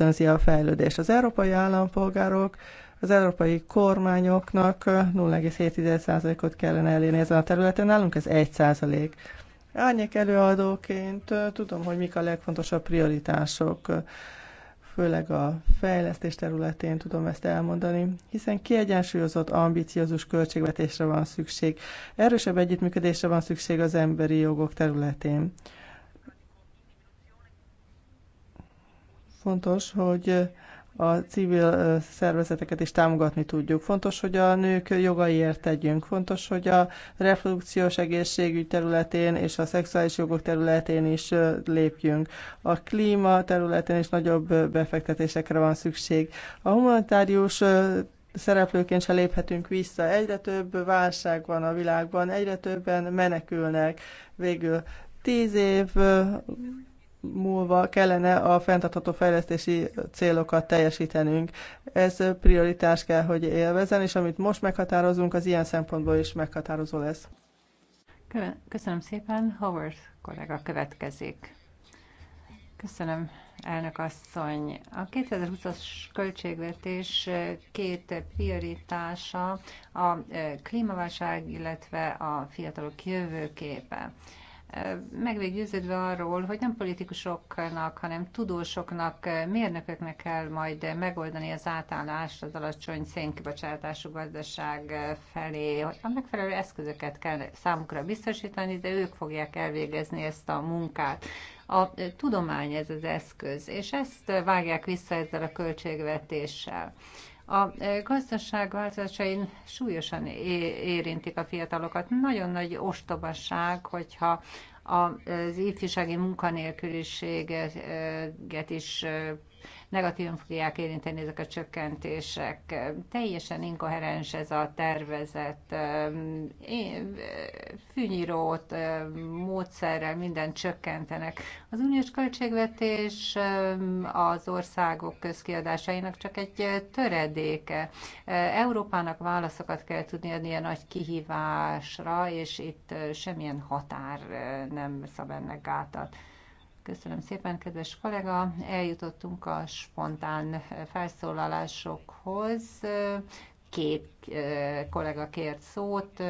ösztönzi a fejlődést. Az európai állampolgárok az európai kormányoknak 0,7%-ot kellene elérni ezen a területen, nálunk ez 1%. Árnyék előadóként tudom, hogy mik a legfontosabb prioritások, főleg a fejlesztés területén tudom ezt elmondani, hiszen kiegyensúlyozott, ambiciózus költségvetésre van szükség, erősebb együttműködésre van szükség az emberi jogok területén. Fontos, hogy a civil szervezeteket is támogatni tudjuk. Fontos, hogy a nők jogaiért tegyünk. Fontos, hogy a reprodukciós egészségügy területén és a szexuális jogok területén is lépjünk. A klíma területén is nagyobb befektetésekre van szükség. A humanitárius szereplőként se léphetünk vissza. Egyre több válság van a világban, egyre többen menekülnek. Végül tíz év múlva kellene a fenntartható fejlesztési célokat teljesítenünk. Ez prioritás kell, hogy élvezen, és amit most meghatározunk, az ilyen szempontból is meghatározó lesz. Köszönöm szépen. Howard kollega következik. Köszönöm, elnök asszony. A 2020-as költségvetés két prioritása a klímaválság, illetve a fiatalok jövőképe meg győződve arról, hogy nem politikusoknak, hanem tudósoknak, mérnököknek kell majd megoldani az átállást az alacsony szénkibocsátású gazdaság felé, hogy a megfelelő eszközöket kell számukra biztosítani, de ők fogják elvégezni ezt a munkát. A tudomány ez az eszköz, és ezt vágják vissza ezzel a költségvetéssel. A gazdaság változásai súlyosan érintik a fiatalokat. Nagyon nagy ostobasság, hogyha az ifjúsági munkanélküliséget is negatívan fogják érinteni ezek a csökkentések. Teljesen inkoherens ez a tervezet. Fűnyírót, módszerrel minden csökkentenek. Az uniós költségvetés az országok közkiadásainak csak egy töredéke. Európának válaszokat kell tudni adni a nagy kihívásra, és itt semmilyen határ nem szab ennek gátat. Köszönöm szépen, kedves kollega. Eljutottunk a spontán felszólalásokhoz. Két kollega kért szót.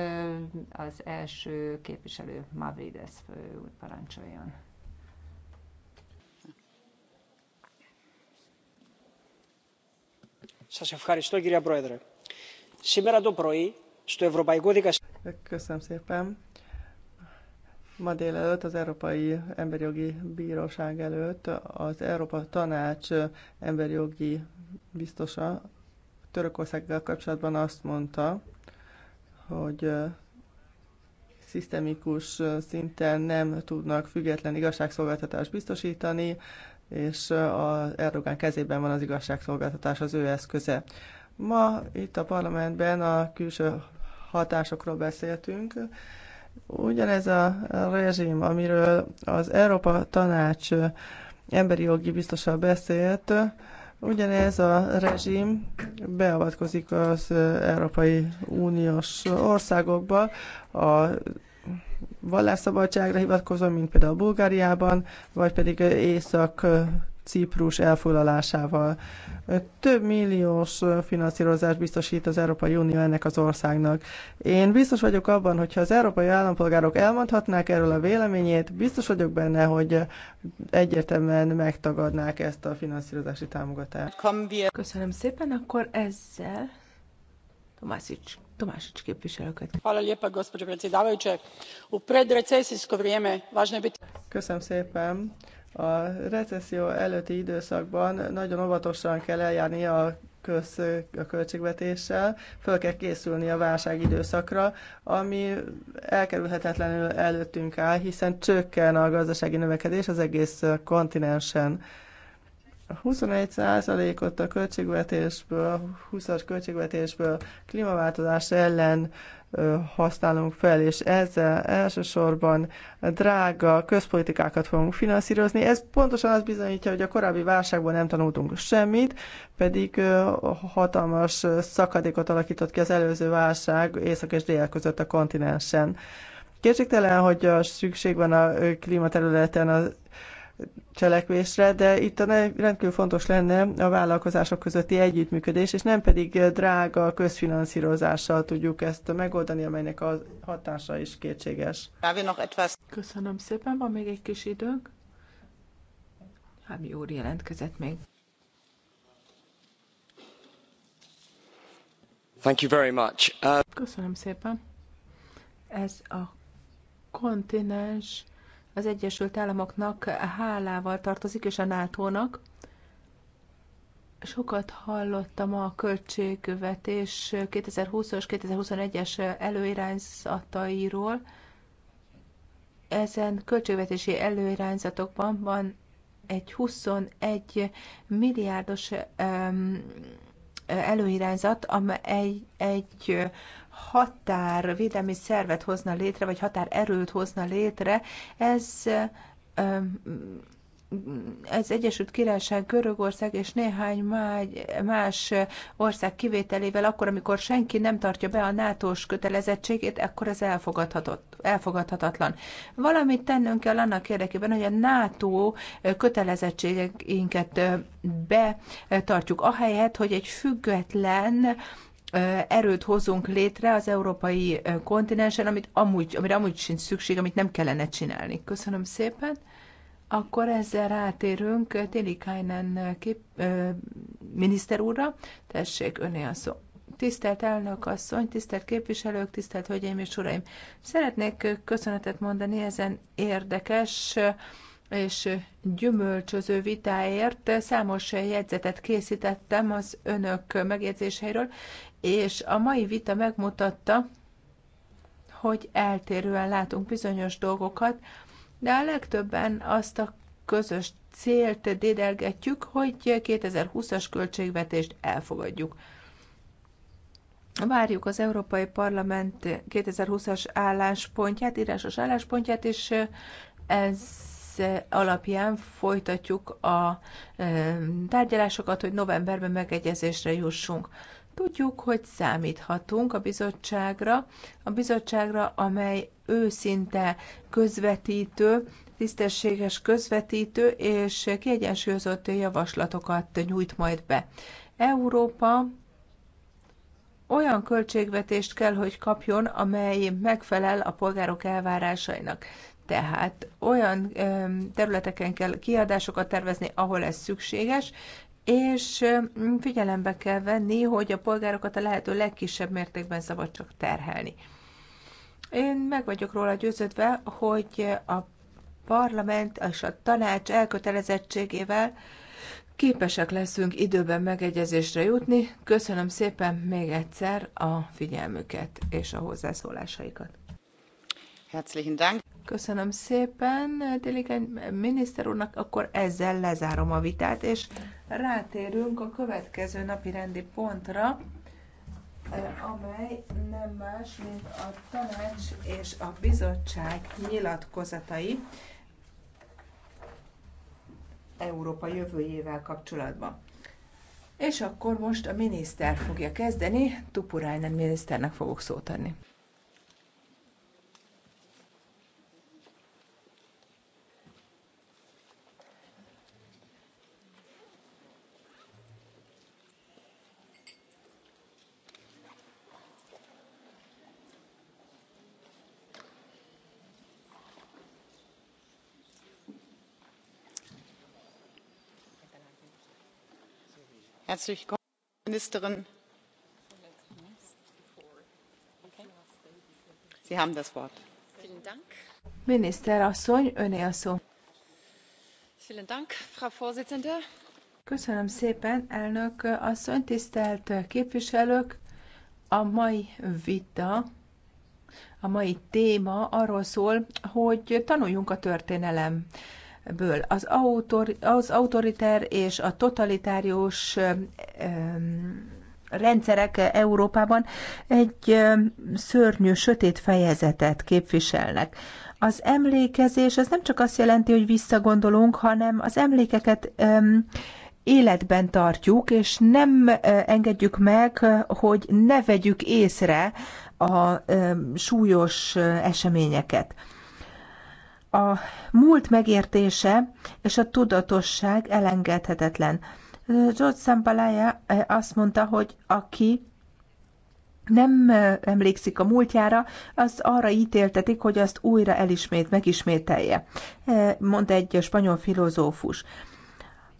Az első képviselő Mavrides úr parancsoljon. Köszönöm szépen ma délelőtt az Európai emberi jogi Bíróság előtt az Európa Tanács emberi jogi biztosa Törökországgal kapcsolatban azt mondta, hogy szisztemikus szinten nem tudnak független igazságszolgáltatást biztosítani, és az Erdogán kezében van az igazságszolgáltatás az ő eszköze. Ma itt a parlamentben a külső hatásokról beszéltünk, Ugyanez a rezsim, amiről az Európa Tanács emberi jogi biztosan beszélt, ugyanez a rezsim beavatkozik az Európai Uniós országokba, a vallásszabadságra hivatkozom, mint például Bulgáriában, vagy pedig észak Ciprus elfoglalásával. Több milliós finanszírozást biztosít az Európai Unió ennek az országnak. Én biztos vagyok abban, hogyha az európai állampolgárok elmondhatnák erről a véleményét, biztos vagyok benne, hogy egyértelműen megtagadnák ezt a finanszírozási támogatást. Köszönöm szépen, akkor ezzel Tomásics Tomášić képviselő gospođo predsjedavajuća u predrecesijsko vrijeme važno je biti. köszönöm szépen a recesszió előtti időszakban nagyon óvatosan kell eljárni a köz, a költségvetéssel, föl kell készülni a válság időszakra, ami elkerülhetetlenül előttünk áll, hiszen csökken a gazdasági növekedés az egész kontinensen. 21%-ot a költségvetésből, a 20-as költségvetésből klímaváltozás ellen használunk fel, és ezzel elsősorban drága közpolitikákat fogunk finanszírozni. Ez pontosan azt bizonyítja, hogy a korábbi válságból nem tanultunk semmit, pedig hatalmas szakadékot alakított ki az előző válság észak és dél között a kontinensen. Kétségtelen, hogy a szükség van a klímaterületen az cselekvésre, de itt a rendkívül fontos lenne a vállalkozások közötti együttműködés, és nem pedig drága közfinanszírozással tudjuk ezt megoldani, amelynek a hatása is kétséges. Köszönöm szépen, van még egy kis időnk. Hámi úr jelentkezett még. Thank you very much. Uh... Köszönöm szépen. Ez a kontinens az Egyesült Államoknak hálával tartozik, és a NATO-nak. Sokat hallottam a költségvetés 2020-as, 2021-es előirányzatairól. Ezen költségvetési előirányzatokban van egy 21 milliárdos előirányzat, amely egy határvédelmi szervet hozna létre, vagy határerőt hozna létre, ez ez Egyesült Királyság, Görögország és néhány más ország kivételével, akkor, amikor senki nem tartja be a NATO-s kötelezettségét, akkor ez elfogadhatatlan. Valamit tennünk kell annak érdekében, hogy a NATO kötelezettségeinket betartjuk, ahelyett, hogy egy független erőt hozunk létre az európai kontinensen, amit amúgy, amire amúgy sincs szükség, amit nem kellene csinálni. Köszönöm szépen. Akkor ezzel rátérünk Téli Kájnen kép, ö, miniszter úrra. Tessék, öné a szó. Tisztelt elnök asszony, tisztelt képviselők, tisztelt hölgyeim és uraim! Szeretnék köszönetet mondani ezen érdekes és gyümölcsöző vitáért számos jegyzetet készítettem az önök megjegyzéseiről, és a mai vita megmutatta, hogy eltérően látunk bizonyos dolgokat, de a legtöbben azt a közös célt dédelgetjük, hogy 2020-as költségvetést elfogadjuk. Várjuk az Európai Parlament 2020-as álláspontját, írásos álláspontját, és ez alapján folytatjuk a tárgyalásokat, hogy novemberben megegyezésre jussunk. Tudjuk, hogy számíthatunk a bizottságra, a bizottságra, amely őszinte közvetítő, tisztességes közvetítő és kiegyensúlyozott javaslatokat nyújt majd be. Európa olyan költségvetést kell, hogy kapjon, amely megfelel a polgárok elvárásainak. Tehát olyan területeken kell kiadásokat tervezni, ahol ez szükséges, és mm, figyelembe kell venni, hogy a polgárokat a lehető legkisebb mértékben szabad csak terhelni. Én meg vagyok róla győződve, hogy a parlament és a tanács elkötelezettségével képesek leszünk időben megegyezésre jutni. Köszönöm szépen még egyszer a figyelmüket és a hozzászólásaikat. Herzlichen Dank. Köszönöm szépen, Déligen miniszter úrnak, akkor ezzel lezárom a vitát, és rátérünk a következő napi rendi pontra, eh, amely nem más, mint a tanács és a bizottság nyilatkozatai Európa jövőjével kapcsolatban. És akkor most a miniszter fogja kezdeni, Tupurájnen miniszternek fogok szót adni. herzlich willkommen frau ministerin! sie haben das wort. miniszter asszony köszönöm szépen elnök asszony tisztelt képviselők! a mai vita a mai téma arról szól hogy tanuljunk a történelemből ből. Az, autor, az autoritár és a totalitárius rendszerek Európában egy szörnyű, sötét fejezetet képviselnek. Az emlékezés az nem csak azt jelenti, hogy visszagondolunk, hanem az emlékeket életben tartjuk, és nem engedjük meg, hogy ne vegyük észre a súlyos eseményeket. A múlt megértése és a tudatosság elengedhetetlen. George Sampalaya eh, azt mondta, hogy aki nem eh, emlékszik a múltjára, az arra ítéltetik, hogy azt újra elismét, megismételje, eh, mondta egy spanyol filozófus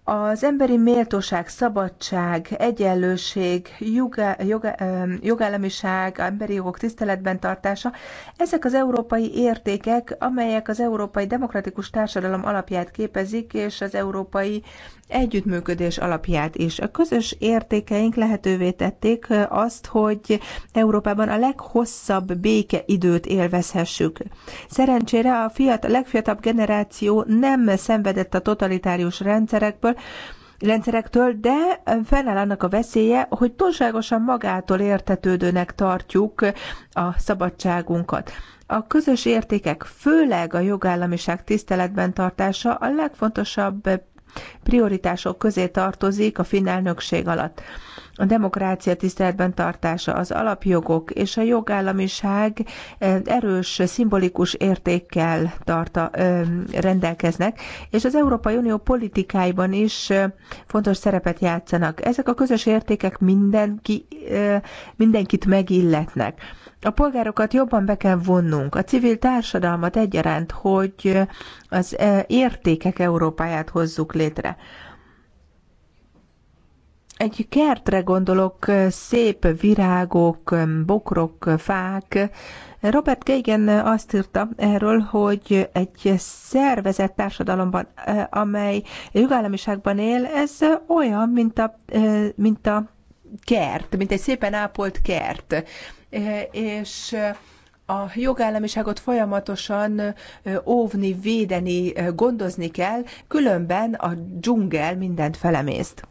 az emberi méltóság, szabadság, egyenlőség, joga, joga, jogállamiság, emberi jogok tiszteletben tartása, ezek az európai értékek, amelyek az európai demokratikus társadalom alapját képezik, és az európai együttműködés alapját is. A közös értékeink lehetővé tették azt, hogy Európában a leghosszabb békeidőt élvezhessük. Szerencsére a fiatal, legfiatalabb generáció nem szenvedett a totalitárius rendszerekből, rendszerektől, de fennáll annak a veszélye, hogy túlságosan magától értetődőnek tartjuk a szabadságunkat. A közös értékek, főleg a jogállamiság tiszteletben tartása a legfontosabb prioritások közé tartozik a finn elnökség alatt. A demokrácia tiszteletben tartása, az alapjogok és a jogállamiság eh, erős, szimbolikus értékkel tarta, eh, rendelkeznek, és az Európai Unió politikáiban is eh, fontos szerepet játszanak. Ezek a közös értékek mindenki, mindenkit megilletnek. A polgárokat jobban be kell vonnunk, a civil társadalmat egyaránt, hogy az értékek Európáját hozzuk létre. Egy kertre gondolok, szép virágok, bokrok, fák. Robert Geigen azt írta erről, hogy egy szervezett társadalomban, amely jogállamiságban él, ez olyan, mint a, mint a kert, mint egy szépen ápolt kert. És a jogállamiságot folyamatosan óvni, védeni, gondozni kell, különben a dzsungel mindent felemészt.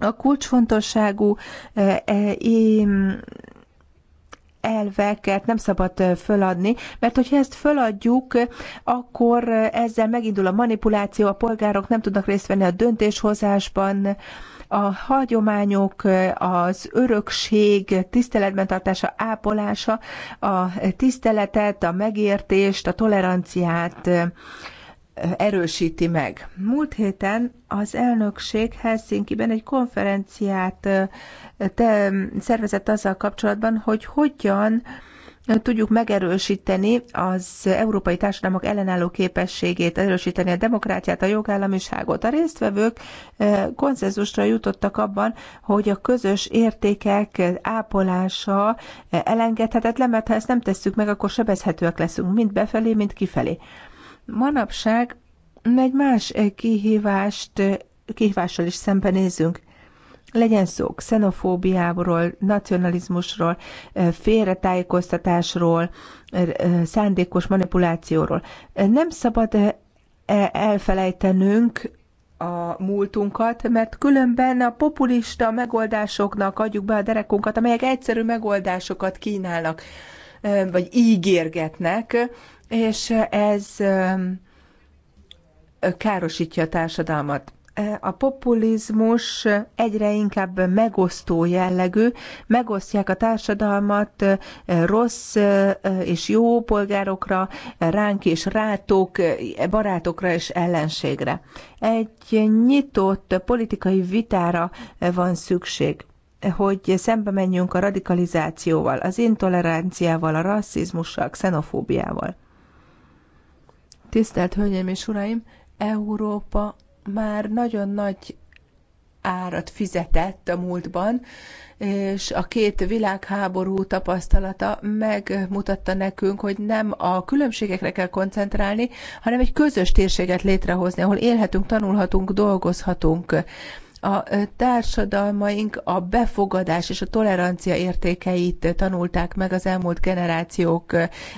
A kulcsfontosságú e, e, elveket nem szabad e, föladni, mert hogyha ezt föladjuk, akkor ezzel megindul a manipuláció, a polgárok nem tudnak részt venni a döntéshozásban, a hagyományok, az örökség tiszteletben tartása, ápolása, a tiszteletet, a megértést, a toleranciát, erősíti meg. Múlt héten az elnökség Helsinki-ben egy konferenciát te szervezett azzal kapcsolatban, hogy hogyan tudjuk megerősíteni az európai társadalmak ellenálló képességét, erősíteni a demokráciát, a jogállamiságot. A résztvevők konszenzusra jutottak abban, hogy a közös értékek ápolása elengedhetetlen, mert ha ezt nem tesszük meg, akkor sebezhetőek leszünk mind befelé, mind kifelé. Manapság egy más eh, kihívást, eh, kihívással is szembenézünk. Legyen szó xenofóbiáról, nacionalizmusról, eh, félretájékoztatásról, szándékos manipulációról. Nem szabad e, elfelejtenünk a múltunkat, mert különben a populista megoldásoknak adjuk be a derekunkat, amelyek egyszerű megoldásokat kínálnak, vagy ígérgetnek, és ez károsítja a társadalmat. E, a populizmus egyre inkább megosztó jellegű, megosztják a társadalmat e, rossz e, és jó polgárokra, ránk és rátok, barátokra és ellenségre. Egy nyitott politikai vitára van szükség hogy szembe menjünk a radikalizációval, az intoleranciával, a rasszizmussal, a xenofóbiával. Tisztelt Hölgyeim és Uraim, Európa már nagyon nagy árat fizetett a múltban, és a két világháború tapasztalata megmutatta nekünk, hogy nem a különbségekre kell koncentrálni, hanem egy közös térséget létrehozni, ahol élhetünk, tanulhatunk, dolgozhatunk a társadalmaink a befogadás és a tolerancia értékeit tanulták meg az elmúlt generációk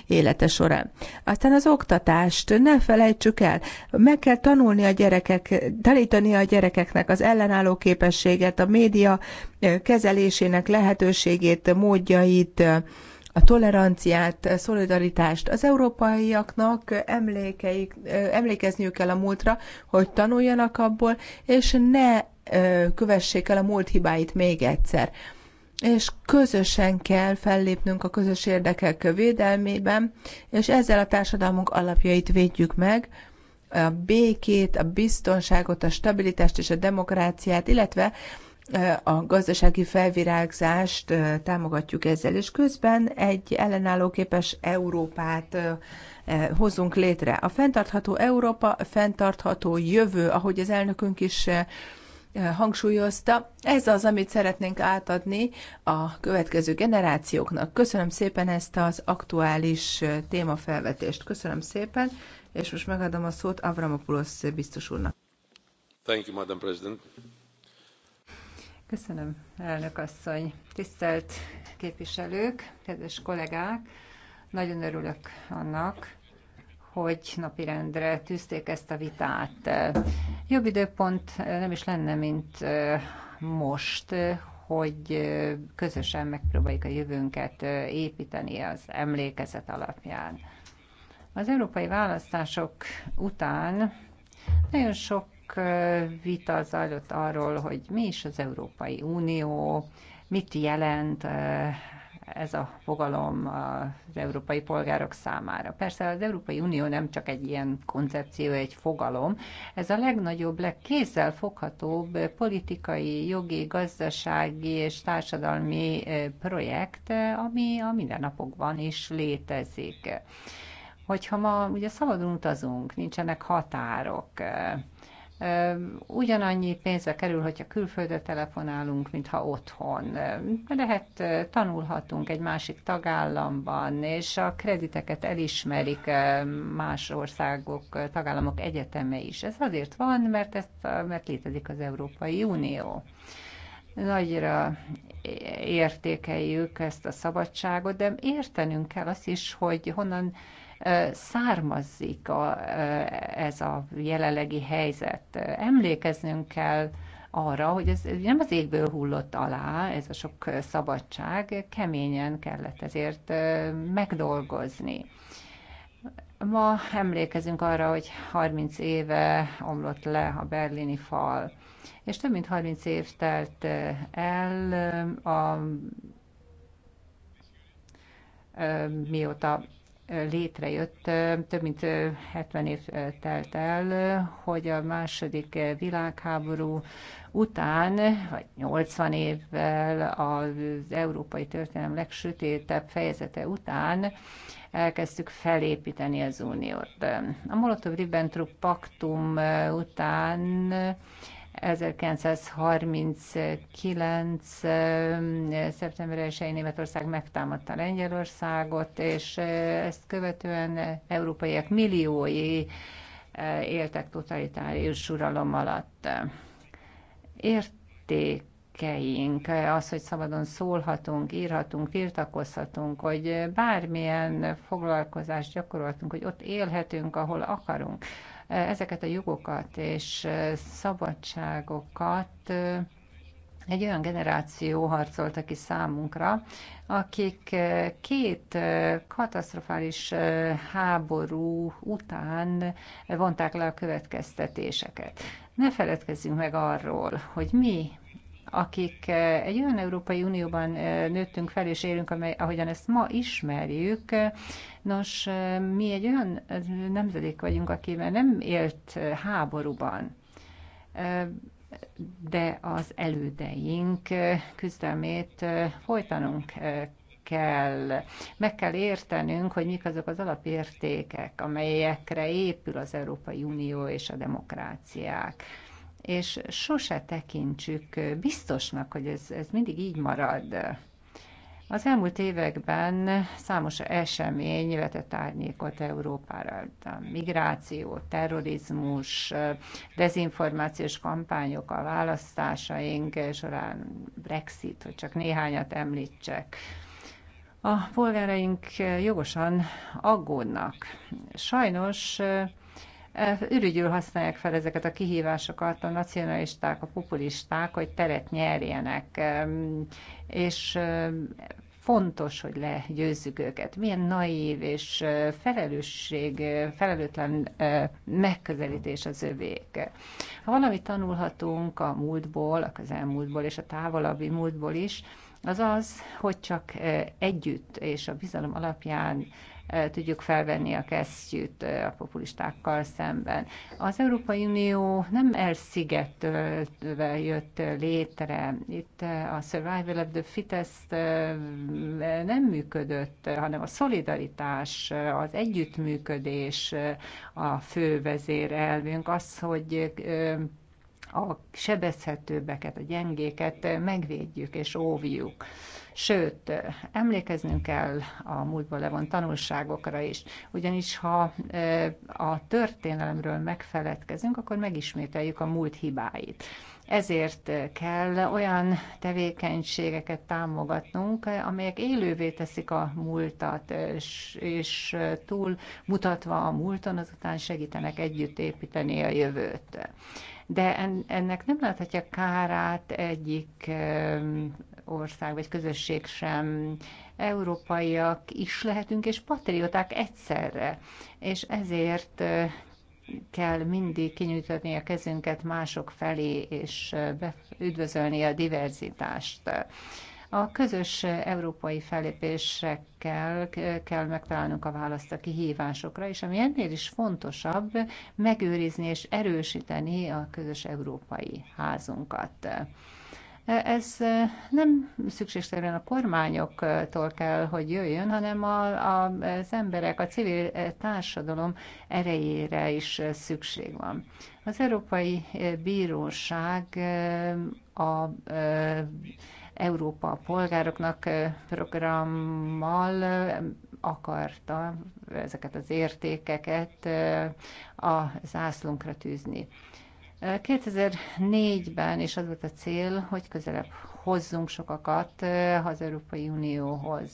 élete során. Aztán az oktatást ne felejtsük el, meg kell tanulni a gyerekek, tanítani a gyerekeknek az ellenálló képességet, a média kezelésének lehetőségét, módjait, a toleranciát, a szolidaritást. Az európaiaknak emlékeik, emlékezniük kell a múltra, hogy tanuljanak abból, és ne kövessék el a múlt hibáit még egyszer. És közösen kell fellépnünk a közös érdekek védelmében, és ezzel a társadalmunk alapjait védjük meg, a békét, a biztonságot, a stabilitást és a demokráciát, illetve a gazdasági felvirágzást támogatjuk ezzel, és közben egy ellenállóképes Európát hozunk létre. A fenntartható Európa, a fenntartható jövő, ahogy az elnökünk is hangsúlyozta. Ez az, amit szeretnénk átadni a következő generációknak. Köszönöm szépen ezt az aktuális témafelvetést. Köszönöm szépen, és most megadom a szót Avramopoulos biztos úrnak. Thank you, Madam President. Köszönöm, elnök asszony. Tisztelt képviselők, kedves kollégák, nagyon örülök annak, hogy napirendre tűzték ezt a vitát. Jobb időpont nem is lenne, mint most, hogy közösen megpróbáljuk a jövőnket építeni az emlékezet alapján. Az európai választások után nagyon sok vita zajlott arról, hogy mi is az Európai Unió, mit jelent ez a fogalom az európai polgárok számára. Persze az Európai Unió nem csak egy ilyen koncepció, egy fogalom, ez a legnagyobb, legkézzel foghatóbb politikai, jogi, gazdasági és társadalmi projekt, ami a mindennapokban is létezik. Hogyha ma ugye szabadon utazunk, nincsenek határok, ugyanannyi pénzbe kerül, hogyha külföldre telefonálunk, mintha otthon. Lehet, tanulhatunk egy másik tagállamban, és a krediteket elismerik más országok, tagállamok egyeteme is. Ez azért van, mert, ezt, mert létezik az Európai Unió. Nagyra értékeljük ezt a szabadságot, de értenünk kell azt is, hogy honnan származik a, ez a jelenlegi helyzet. Emlékeznünk kell arra, hogy ez nem az égből hullott alá, ez a sok szabadság, keményen kellett ezért megdolgozni. Ma emlékezünk arra, hogy 30 éve omlott le a berlini fal, és több mint 30 év telt eh, el eh, a eh, mióta létrejött, több mint 70 év telt el, hogy a második világháború után, vagy 80 évvel az európai történelem legsötétebb fejezete után elkezdtük felépíteni az uniót. A Molotov-Ribbentrop paktum eh, után 1939. Eh, eh, szeptember 1 Németország megtámadta Lengyelországot, és ezt követően európaiak milliói éltek totalitárius uralom alatt. Érték érdekeink, az, hogy szabadon szólhatunk, írhatunk, tiltakozhatunk, hogy bármilyen foglalkozást gyakorolhatunk, hogy ott élhetünk, ahol akarunk. Ezeket a jogokat és szabadságokat egy olyan generáció harcolta ki számunkra, akik két katasztrofális háború után vonták le a következtetéseket. Ne feledkezzünk meg arról, hogy mi akik eh, egy olyan Európai Unióban eh, nőttünk fel és élünk, amely, ahogyan ezt ma ismerjük, eh, nos, mi egy olyan nemzedék vagyunk, aki már nem élt háborúban, de az elődeink küzdelmét folytanunk kell, meg kell értenünk, hogy mik azok az alapértékek, amelyekre épül az Európai Unió és a demokráciák és sose tekintsük biztosnak, hogy ez, ez mindig így marad. Az elmúlt években számos esemény vetett árnyékot Európára. A migráció, terrorizmus, dezinformációs kampányok a választásaink során, Brexit, hogy csak néhányat említsek. A polgáraink jogosan aggódnak. Sajnos ürügyül használják fel ezeket a kihívásokat a nacionalisták, a populisták, hogy teret nyerjenek. És fontos, hogy legyőzzük őket. Milyen naív és felelősség, felelőtlen megközelítés az övék. Ha valamit tanulhatunk a múltból, a közelmúltból és a távolabbi múltból is, az az, hogy csak együtt és a bizalom alapján Eh, tudjuk felvenni a kesztyűt eh, a populistákkal szemben. Az Európai Unió nem elszigetölve jött létre. Itt eh, a survival of the fittest nem működött, hanem a szolidaritás, az együttműködés a fő vezérelvünk, az, hogy a sebezhetőbbeket, a gyengéket megvédjük és óvjuk. Sőt, emlékeznünk kell a múltból levont tanulságokra is, ugyanis ha e, a történelemről megfeledkezünk, akkor megismételjük a múlt hibáit. Ezért kell olyan tevékenységeket támogatnunk, amelyek élővé teszik a múltat, és, és túl mutatva a múlton, azután segítenek együtt építeni a jövőt. De ennek nem láthatja kárát egyik ország vagy közösség sem. Európaiak is lehetünk, és patrióták egyszerre. És ezért kell mindig kinyújtani a kezünket mások felé, és üdvözölni a diverzitást. A közös európai fellépésekkel kell megtalálnunk a választ a kihívásokra, és ami ennél is fontosabb, megőrizni és erősíteni a közös európai házunkat. Ez nem szükségszerűen a kormányoktól kell, hogy jöjjön, hanem a, a, az emberek, a civil társadalom erejére is szükség van. Az Európai Bíróság a Európa polgároknak programmal akarta ezeket az értékeket a zászlónkra tűzni. 2004-ben is az volt a cél, hogy közelebb hozzunk sokakat eh, az Európai Unióhoz.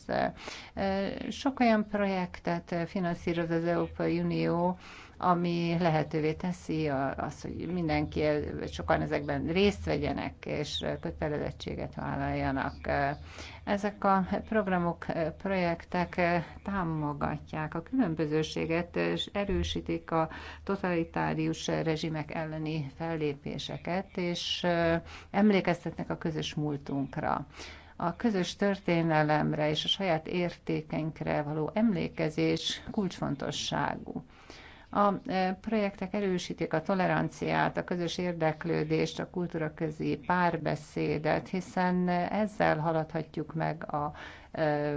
Eh, sok olyan projektet finanszíroz az Európai Unió, ami lehetővé teszi azt, hogy mindenki, sokan ezekben részt vegyenek és kötelezettséget vállaljanak. Ezek a programok, projektek támogatják a különbözőséget, és erősítik a totalitárius rezsimek elleni fellépéseket, és emlékeztetnek a közös múltunkra a közös történelemre és a saját értékenkre való emlékezés kulcsfontosságú. A e, projektek erősítik a toleranciát, a közös érdeklődést, a kultúra közé párbeszédet, hiszen ezzel haladhatjuk meg a e,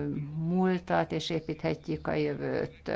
múltat és építhetjük a jövőt.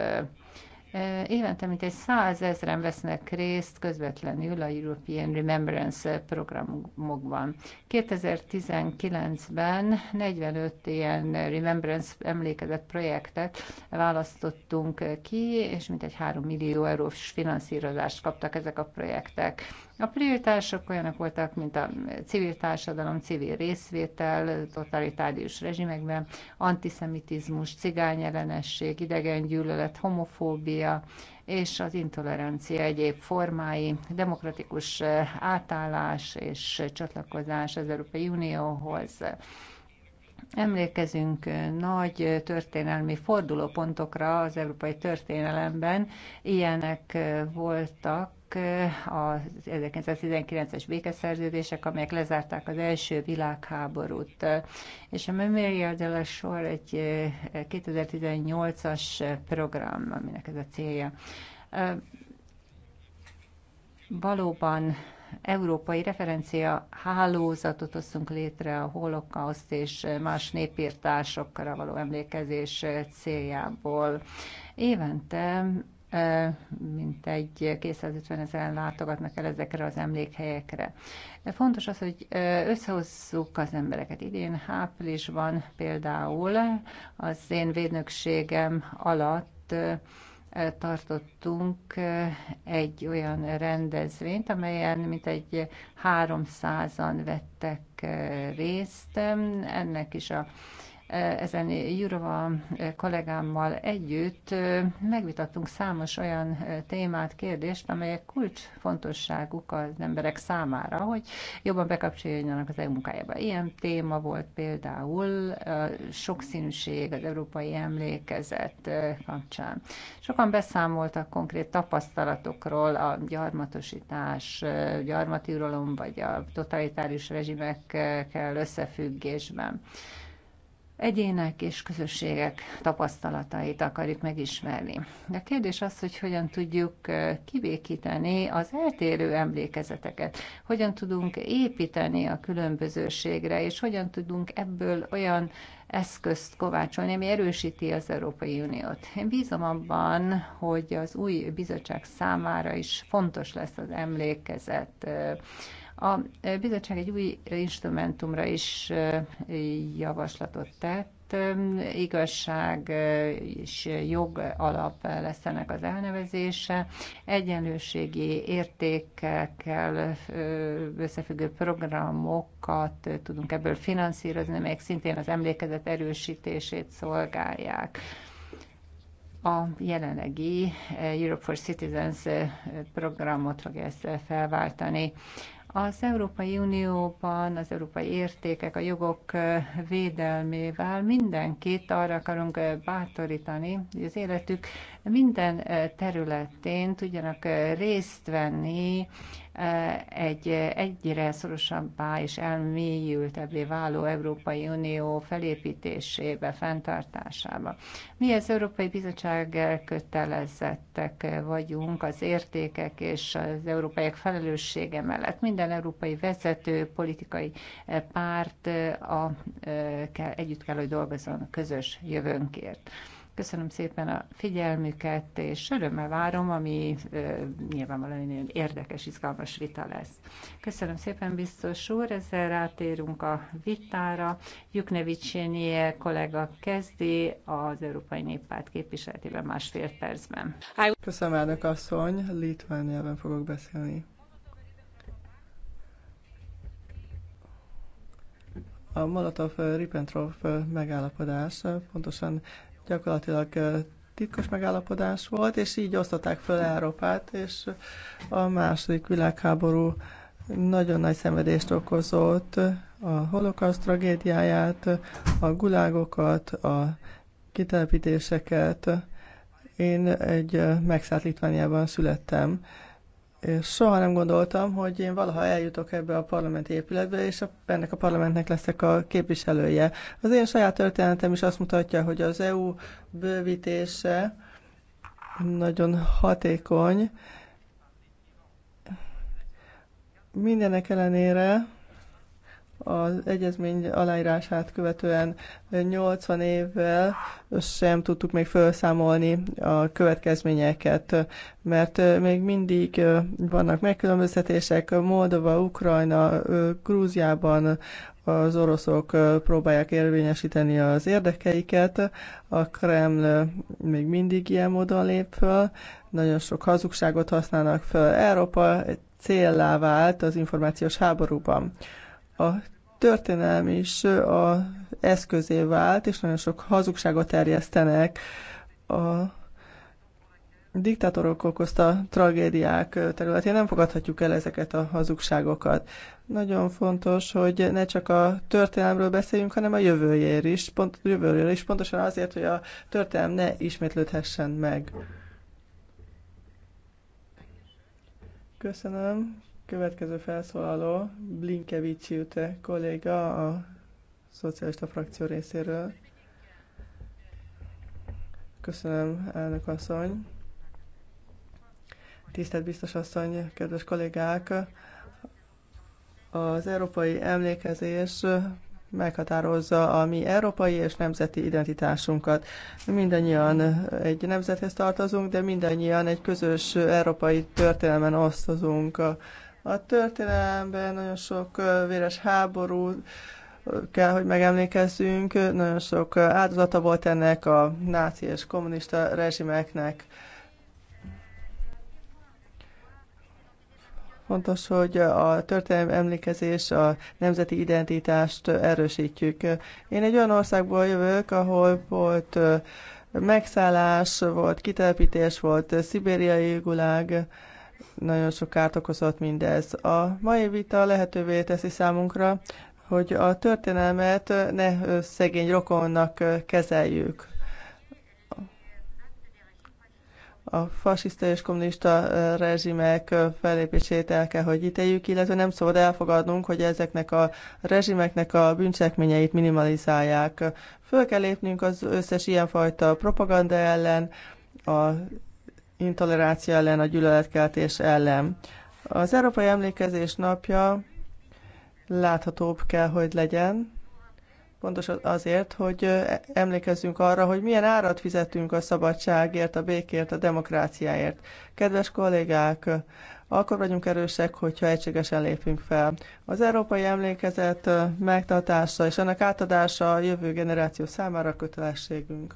Évente mint egy százezren vesznek részt közvetlenül a European Remembrance programokban. 2019-ben 45 ilyen Remembrance emlékezett projektet választottunk ki, és mintegy 3 millió eurós finanszírozást kaptak ezek a projektek. A prioritások olyanok voltak, mint a civil társadalom, civil részvétel, totalitárius rezsimekben, antiszemitizmus, cigányellenesség, idegengyűlölet, homofóbia, és az intolerancia egyéb formái, demokratikus eh, átállás és csatlakozás az Európai Unióhoz. Emlékezünk eh, nagy történelmi fordulópontokra az európai történelemben, ilyenek eh, voltak az 1919-es békeszerződések, amelyek lezárták az első világháborút. És a Memorial de la Shore egy 2018-as program, aminek ez a célja. Valóban európai referencia hálózatot hoztunk létre a holokauszt és más népírtásokra való emlékezés céljából. Évente egy 250 ezeren látogatnak el ezekre az emlékhelyekre. fontos az, hogy összehozzuk az embereket. Idén áprilisban például az én védnökségem alatt tartottunk egy olyan rendezvényt, amelyen mintegy 300-an vettek részt. Ennek is a ezen Jurova eh, kollégámmal együtt eh, megvitattunk számos olyan eh, témát, kérdést, amelyek kulcsfontosságuk az emberek számára, hogy jobban bekapcsoljanak az EU munkájába. Ilyen téma volt például a sokszínűség, az európai emlékezet kapcsán. Sokan beszámoltak konkrét tapasztalatokról a gyarmatosítás, gyarmatűrolom vagy a totalitárius rezsimekkel összefüggésben egyének és közösségek tapasztalatait akarjuk megismerni. De a kérdés az, hogy hogyan tudjuk kivékíteni az eltérő emlékezeteket, hogyan tudunk építeni a különbözőségre, és hogyan tudunk ebből olyan eszközt kovácsolni, ami erősíti az Európai Uniót. Én bízom abban, hogy az új bizottság számára is fontos lesz az emlékezet a bizottság egy új instrumentumra is javaslatot tett, igazság és jog alap lesz ennek az elnevezése. Egyenlőségi értékekkel összefüggő programokat tudunk ebből finanszírozni, melyek szintén az emlékezet erősítését szolgálják a jelenlegi Europe for Citizens programot fogja ezt felváltani. Az Európai Unióban az európai értékek, a jogok védelmével mindenkit arra akarunk bátorítani, hogy az életük minden területén tudjanak részt venni Eh, egy egyre szorosabbá és elmélyültebbé váló Európai Unió felépítésébe, fenntartásába. Mi az Európai Bizottság elkötelezettek vagyunk az értékek és az európaiak felelőssége mellett. Minden európai vezető, politikai eh, párt eh, a, a, együtt kell, hogy dolgozzon közös jövőnkért. Köszönöm szépen a figyelmüket, és örömmel várom, ami nyilvánvalóan nagyon érdekes, izgalmas vita lesz. Köszönöm szépen, biztos úr, ezzel rátérünk a vitára. Juknevicsényie kollega kezdi az Európai Néppárt képviseletében másfél percben. Köszönöm, elnök asszony, litván nyelven fogok beszélni. A Molotov-Ribbentrop megállapodás pontosan gyakorlatilag titkos megállapodás volt, és így osztották föl Európát, és a második világháború nagyon nagy szenvedést okozott, a holokauszt tragédiáját, a gulágokat, a kitelepítéseket. Én egy megszállt Litvániában születtem, soha nem gondoltam, hogy én valaha eljutok ebbe a parlamenti épületbe, és a, ennek a parlamentnek leszek a képviselője. Az én saját történetem is azt mutatja, hogy az EU bővítése nagyon hatékony. Mindenek ellenére az egyezmény aláírását követően 80 évvel sem tudtuk még felszámolni a következményeket, mert még mindig vannak megkülönböztetések. Moldova, Ukrajna, Grúziában az oroszok próbálják érvényesíteni az érdekeiket, a Kreml még mindig ilyen módon lép föl, nagyon sok hazugságot használnak föl. Európa céllá vált az információs háborúban. A történelem is a eszközé vált, és nagyon sok hazugságot terjesztenek. A diktátorok okozta tragédiák területén nem fogadhatjuk el ezeket a hazugságokat. Nagyon fontos, hogy ne csak a történelmről beszéljünk, hanem a jövőjéről is, pont, jövőjéről is, pontosan azért, hogy a történelem ne ismétlődhessen meg. Köszönöm. Következő felszólaló Blinkevics Jute kolléga a szocialista frakció részéről. Köszönöm, elnök asszony. Tisztelt biztos asszony, kedves kollégák! Az európai emlékezés meghatározza a mi európai és nemzeti identitásunkat. Mindannyian egy nemzethez tartozunk, de mindannyian egy közös európai történelmen osztozunk. A történelemben nagyon sok véres háború kell, hogy megemlékezzünk. Nagyon sok áldozata volt ennek a náci és kommunista rezsimeknek. Fontos, hogy a történelmi emlékezés, a nemzeti identitást erősítjük. Én egy olyan országból jövök, ahol volt megszállás, volt kitelepítés, volt szibériai gulág, nagyon sok kárt okozott mindez. A mai vita lehetővé teszi számunkra, hogy a történelmet ne szegény rokonnak kezeljük. A fasiszta és kommunista rezsimek felépését el kell, hogy ítéljük, illetve nem szabad elfogadnunk, hogy ezeknek a rezsimeknek a bűncselekményeit minimalizálják. Föl kell lépnünk az összes ilyenfajta propaganda ellen, a intolerancia ellen, a gyűlöletkeltés ellen. Az Európai Emlékezés napja láthatóbb kell, hogy legyen, pontos azért, hogy emlékezzünk arra, hogy milyen árat fizetünk a szabadságért, a békért, a demokráciáért. Kedves kollégák, akkor vagyunk erősek, hogyha egységesen lépünk fel. Az európai emlékezet megtartása és ennek átadása a jövő generáció számára kötelességünk.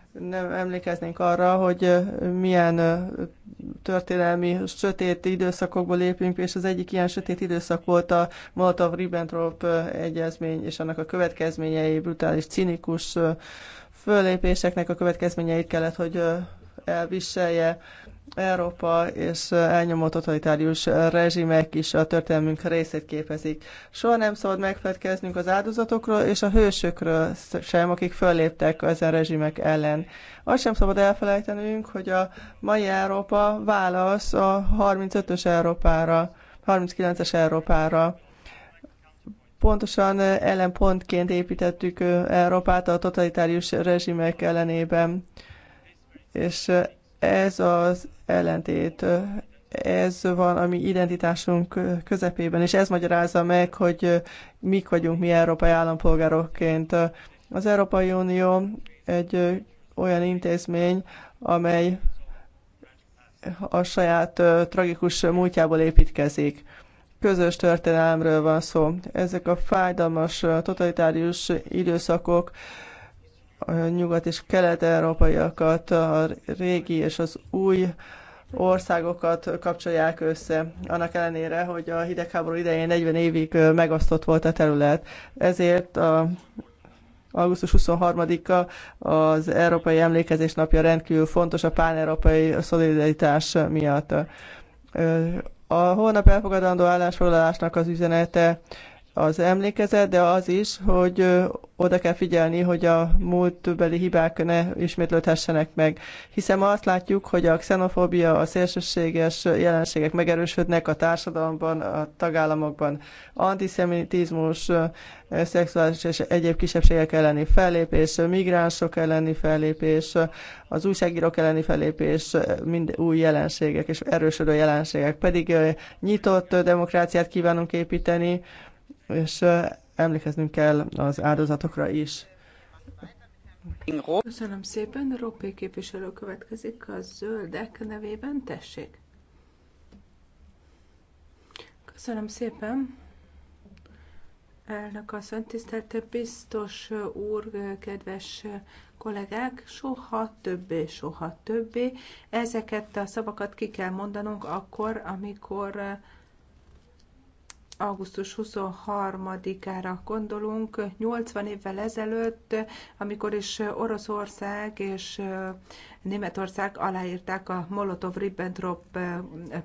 nem emlékeznénk arra, hogy milyen történelmi sötét időszakokból lépünk, és az egyik ilyen sötét időszak volt a Molotov-Ribbentrop egyezmény, és annak a következményei brutális, cinikus fölépéseknek a következményeit kellett, hogy elviselje. Európa és elnyomó totalitárius rezsimek is a történelmünk részét képezik. Soha nem szabad megfelelkeznünk az áldozatokról és a hősökről sem, akik fölléptek ezen rezsimek ellen. Azt sem szabad elfelejtenünk, hogy a mai Európa válasz a 35-ös Európára, 39-es Európára pontosan ellenpontként építettük Európát a totalitárius rezsimek ellenében. És ez az ellentét. Ez van a mi identitásunk közepében, és ez magyarázza meg, hogy mik vagyunk mi európai állampolgárokként. Az Európai Unió egy olyan intézmény, amely a saját tragikus múltjából építkezik közös történelmről van szó. Ezek a fájdalmas, totalitárius időszakok a nyugat és kelet-európaiakat, a régi és az új országokat kapcsolják össze, annak ellenére, hogy a hidegháború idején 40 évig megosztott volt a terület. Ezért a augusztus 23-a az Európai Emlékezés Napja rendkívül fontos a pán-európai szolidaritás miatt. A holnap elfogadandó állásfoglalásnak az üzenete az emlékezet, de az is, hogy oda kell figyelni, hogy a múltbeli hibák ne ismétlődhessenek meg. Hiszen ma azt látjuk, hogy a xenofóbia, a szélsőséges jelenségek megerősödnek a társadalomban, a tagállamokban. Antiszemitizmus, szexuális és egyéb kisebbségek elleni fellépés, migránsok elleni fellépés, az újságírók elleni fellépés, mind új jelenségek és erősödő jelenségek. Pedig nyitott demokráciát kívánunk építeni, és emlékeznünk kell az áldozatokra is. Köszönöm szépen, Ropé képviselő következik a zöldek nevében, tessék. Köszönöm szépen. Elnök asszony, tisztelt biztos úr, kedves kollégák, soha többé, soha többé. Ezeket a szavakat ki kell mondanunk akkor, amikor augusztus 23-ára gondolunk, 80 évvel ezelőtt, amikor is Oroszország és Németország aláírták a Molotov-Ribbentrop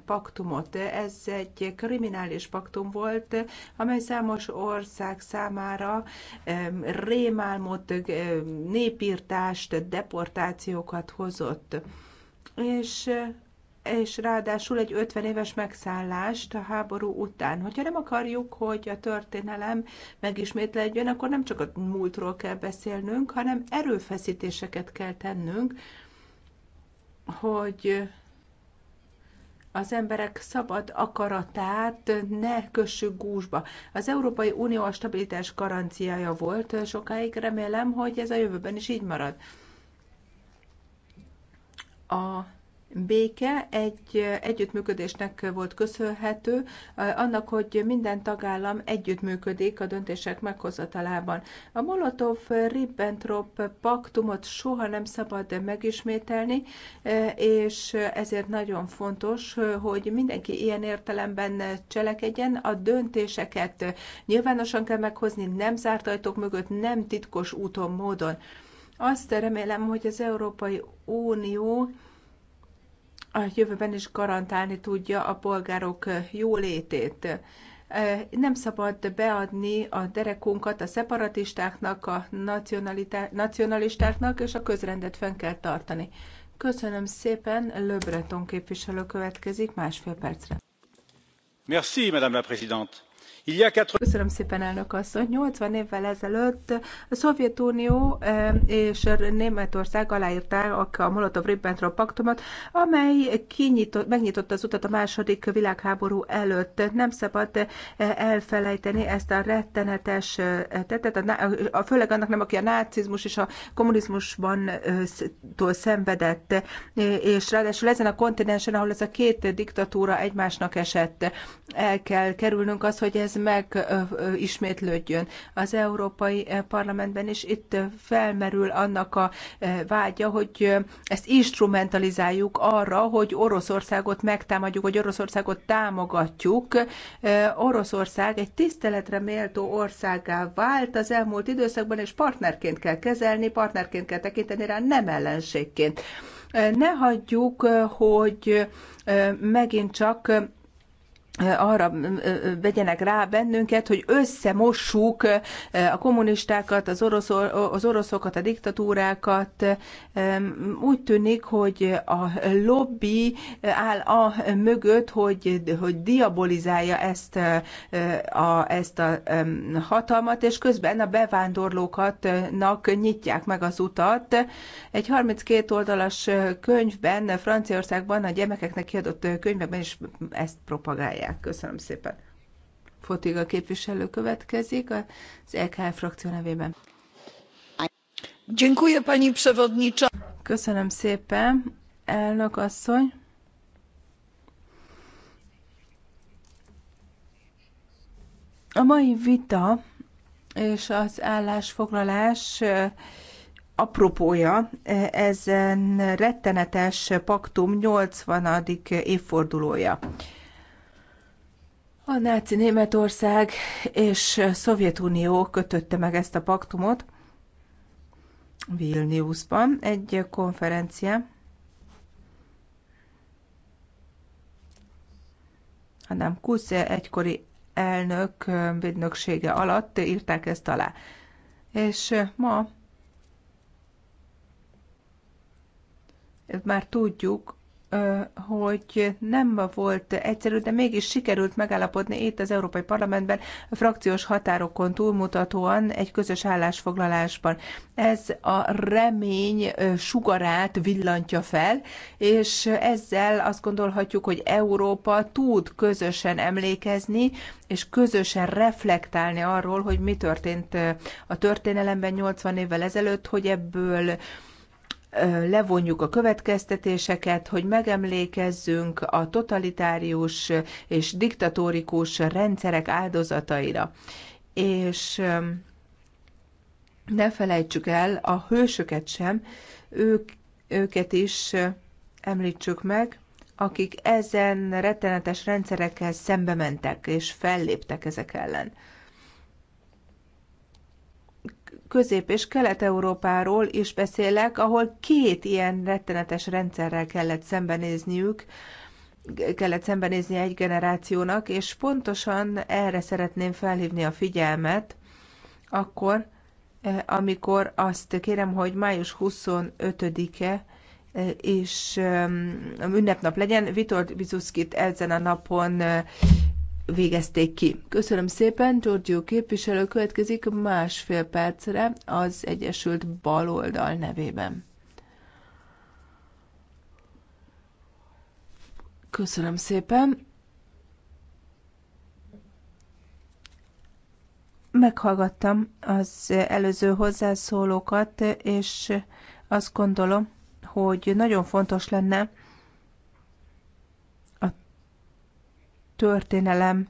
paktumot. Ez egy kriminális paktum volt, amely számos ország számára rémálmot, népírtást, deportációkat hozott. És és ráadásul egy 50 éves megszállást a háború után. Hogyha nem akarjuk, hogy a történelem megismétlődjön, akkor nem csak a múltról kell beszélnünk, hanem erőfeszítéseket kell tennünk, hogy az emberek szabad akaratát ne kössük gúzsba. Az Európai Unió a stabilitás garanciája volt sokáig, remélem, hogy ez a jövőben is így marad. A béke egy együttműködésnek volt köszönhető, annak, hogy minden tagállam együttműködik a döntések meghozatalában. A Molotov-Ribbentrop paktumot soha nem szabad megismételni, és ezért nagyon fontos, hogy mindenki ilyen értelemben cselekedjen, a döntéseket nyilvánosan kell meghozni, nem zárt ajtók mögött, nem titkos úton, módon. Azt remélem, hogy az Európai Unió a jövőben is garantálni tudja a polgárok jólétét. Nem szabad beadni a derekunkat a szeparatistáknak, a nacionalistáknak, és a közrendet fenn kell tartani. Köszönöm szépen, Le Breton képviselő következik másfél percre. Merci, Madame la Présidente Köszönöm szépen, elnök asszony. 80 évvel ezelőtt a Szovjetunió eh, és Németország aláírták a Molotov-Ribbentrop paktumot, amely kinyitott, megnyitotta az utat a második világháború előtt. Nem szabad eh, elfelejteni ezt a rettenetes eh, tettet, a, főleg annak nem, aki a nácizmus és a kommunizmusban tól szenvedett, és ráadásul ezen a kontinensen, ahol ez a két diktatúra egymásnak esett, el kell kerülnünk az, hogy ez megismétlődjön az Európai Parlamentben, és itt felmerül annak a vágya, hogy ezt instrumentalizáljuk arra, hogy Oroszországot megtámadjuk, hogy Oroszországot támogatjuk. Oroszország egy tiszteletre méltó országá vált az elmúlt időszakban, és partnerként kell kezelni, partnerként kell tekinteni rá, nem ellenségként. Ne hagyjuk, hogy megint csak arra vegyenek rá bennünket, hogy összemossuk a kommunistákat, az, orosz, az oroszokat, a diktatúrákat. Úgy tűnik, hogy a lobby áll a mögött, hogy, hogy diabolizálja ezt a, ezt a hatalmat, és közben a bevándorlókatnak nyitják meg az utat. Egy 32 oldalas könyvben, Franciaországban, a gyermekeknek kiadott könyvekben is ezt propagálják használják. Köszönöm szépen. Fotiga képviselő következik az EKF frakció nevében. Dziękuję pani przewodnicza. Köszönöm szépen, elnök asszony. A mai vita és az állásfoglalás apropója ezen rettenetes paktum 80. évfordulója. A náci Németország és Szovjetunió kötötte meg ezt a paktumot Vilniusban egy konferencián. hanem Kusz egykori elnök védnöksége alatt írták ezt alá. És ma már tudjuk, hogy nem volt egyszerű, de mégis sikerült megállapodni itt az Európai Parlamentben a frakciós határokon túlmutatóan egy közös állásfoglalásban. Ez a remény sugarát villantja fel, és ezzel azt gondolhatjuk, hogy Európa tud közösen emlékezni, és közösen reflektálni arról, hogy mi történt a történelemben 80 évvel ezelőtt, hogy ebből levonjuk a következtetéseket, hogy megemlékezzünk a totalitárius és diktatórikus rendszerek áldozataira. És ne felejtsük el a hősöket sem, ők, őket is említsük meg, akik ezen rettenetes rendszerekkel szembe mentek és felléptek ezek ellen. Közép- és Kelet-Európáról is beszélek, ahol két ilyen rettenetes rendszerrel kellett szembenézniük, kellett szembenézni egy generációnak, és pontosan erre szeretném felhívni a figyelmet, akkor, eh, amikor azt kérem, hogy május 25-e és eh, eh, ünnepnap legyen. Vitor Bizuszkit ezen a napon végezték ki. Köszönöm szépen, Giorgio képviselő következik másfél percre az Egyesült Baloldal nevében. Köszönöm szépen. Meghallgattam az előző hozzászólókat, és azt gondolom, hogy nagyon fontos lenne, történelem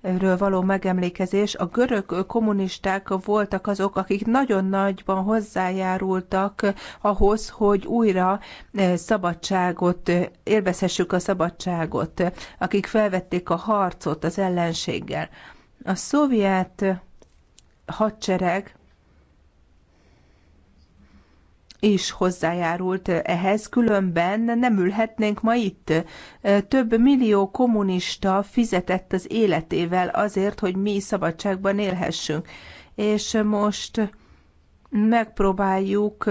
ről való megemlékezés. A görög kommunisták voltak azok, akik nagyon nagyban hozzájárultak ahhoz, hogy újra eh, szabadságot, eh, élvezhessük a szabadságot, akik felvették a harcot az ellenséggel. A szovjet hadsereg is hozzájárult ehhez, különben nem ülhetnénk ma itt. Több millió kommunista fizetett az életével azért, hogy mi szabadságban élhessünk. És most megpróbáljuk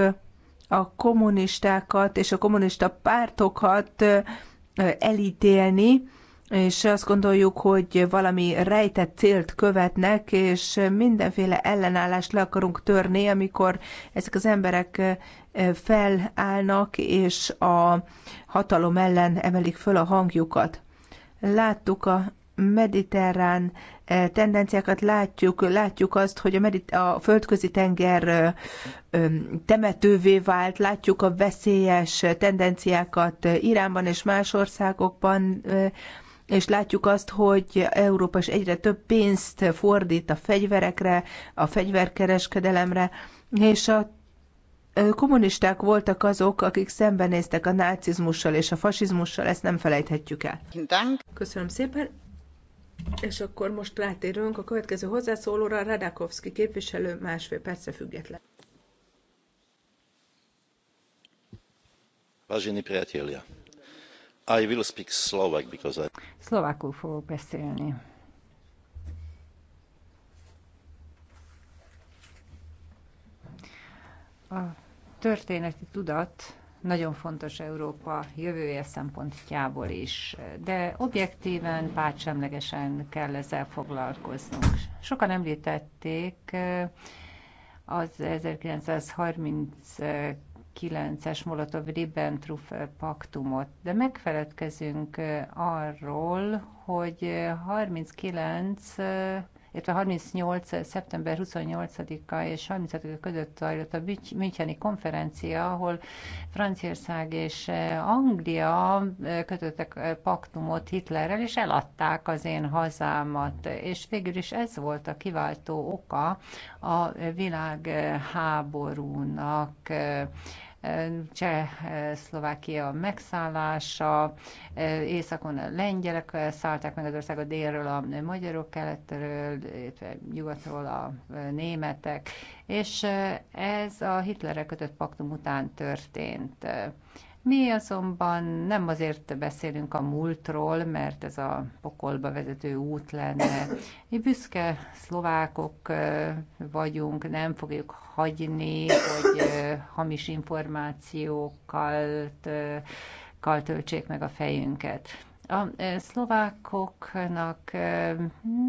a kommunistákat és a kommunista pártokat elítélni, és azt gondoljuk, hogy valami rejtett célt követnek, és mindenféle ellenállást le akarunk törni, amikor ezek az emberek eh, felállnak, és a hatalom ellen emelik föl a hangjukat. Láttuk a mediterrán eh, tendenciákat látjuk, látjuk azt, hogy a, medit- a földközi tenger eh, temetővé vált, látjuk a veszélyes tendenciákat Iránban és más országokban, és látjuk azt, hogy Európa is egyre több pénzt fordít a fegyverekre, a fegyverkereskedelemre, és a kommunisták voltak azok, akik szembenéztek a nácizmussal és a fasizmussal, ezt nem felejthetjük el. Köszönöm szépen, és akkor most rátérünk a következő hozzászólóra, Radakovszki képviselő másfél perce független. Vážení priatelia, I will speak Slovak because I... Szlovákul fogok beszélni. A történeti tudat nagyon fontos Európa jövője szempontjából is, de objektíven, pártsemlegesen kell ezzel foglalkoznunk. Sokan említették eh, az 1930 2009-es Molotov-Ribbentrop paktumot, de megfeledkezünk arról, hogy 39 illetve 38. szeptember 28-a és 35 között zajlott a Müncheni konferencia, ahol Franciaország és Anglia kötöttek paktumot Hitlerrel, és eladták az én hazámat. És végül is ez volt a kiváltó oka a világháborúnak Csehszlovákia megszállása, északon a lengyelek szállták meg az országot délről a magyarok, keletről, nyugatról a németek, és ez a Hitlerre kötött paktum után történt. Mi azonban nem azért beszélünk a múltról, mert ez a pokolba vezető út lenne. Mi büszke szlovákok vagyunk, nem fogjuk hagyni, hogy hamis információkkal kal töltsék meg a fejünket. A e, szlovákoknak e,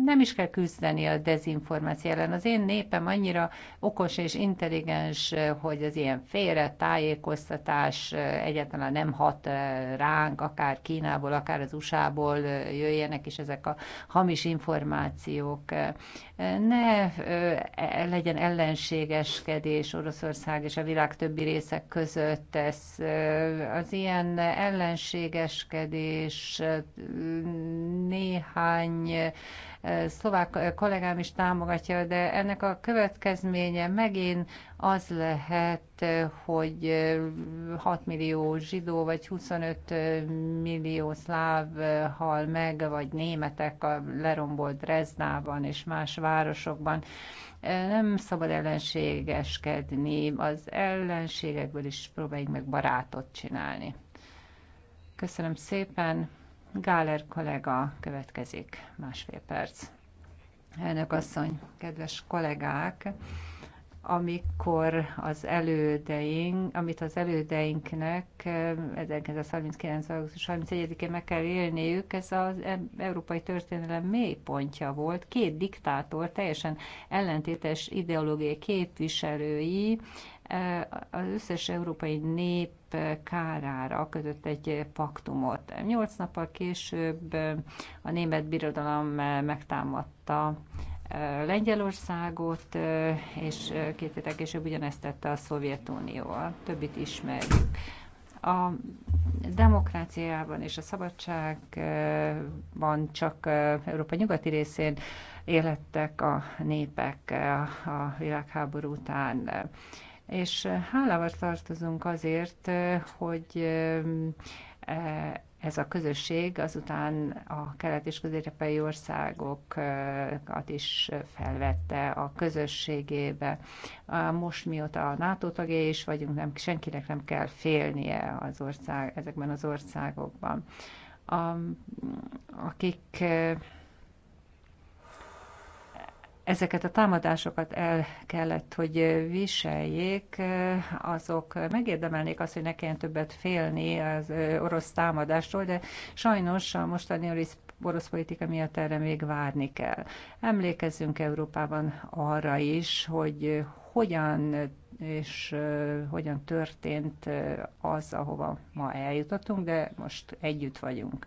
nem is kell küzdeni a dezinformáció ellen. Az én népem annyira okos és intelligens, e, hogy az ilyen félre tájékoztatás egyáltalán nem hat ránk, akár Kínából, akár az USA-ból jöjjenek is ezek a hamis információk ne e, legyen ellenségeskedés Oroszország és a világ többi részek között. Ez, az ilyen ellenségeskedés néhány szlovák kollégám is támogatja, de ennek a következménye megint az lehet, hogy 6 millió zsidó vagy 25 millió szláv hal meg, vagy németek a lerombolt Dresdában és más városokban. Nem szabad ellenségeskedni, az ellenségekből is próbáljuk meg barátot csinálni. Köszönöm szépen! Gáler kollega következik másfél perc. Elnök asszony, kedves kollégák! amikor az elődeink, amit az elődeinknek 1939. Eh, augusztus 31-én meg kell élniük, ez az európai történelem mélypontja volt. Két diktátor, teljesen ellentétes ideológiai képviselői az összes európai nép kárára kötött egy paktumot. Nyolc nappal később a német birodalom megtámadta Lengyelországot, és két héttel később ugyanezt tette a Szovjetunió. A többit ismerjük. A demokráciában és a szabadságban csak Európa nyugati részén élettek a népek a világháború után és hálával tartozunk azért, hogy ez a közösség azután a kelet- és közép-európai országokat is felvette a közösségébe. Most mióta a NATO tagja is vagyunk, nem, senkinek nem kell félnie az ország, ezekben az országokban. A, akik ezeket a támadásokat el kellett, hogy viseljék, azok megérdemelnék azt, hogy ne kelljen többet félni az orosz támadástól, de sajnos a mostani orosz orosz politika miatt erre még várni kell. Emlékezzünk Európában arra is, hogy hogyan és hogyan történt az, ahova ma eljutottunk, de most együtt vagyunk.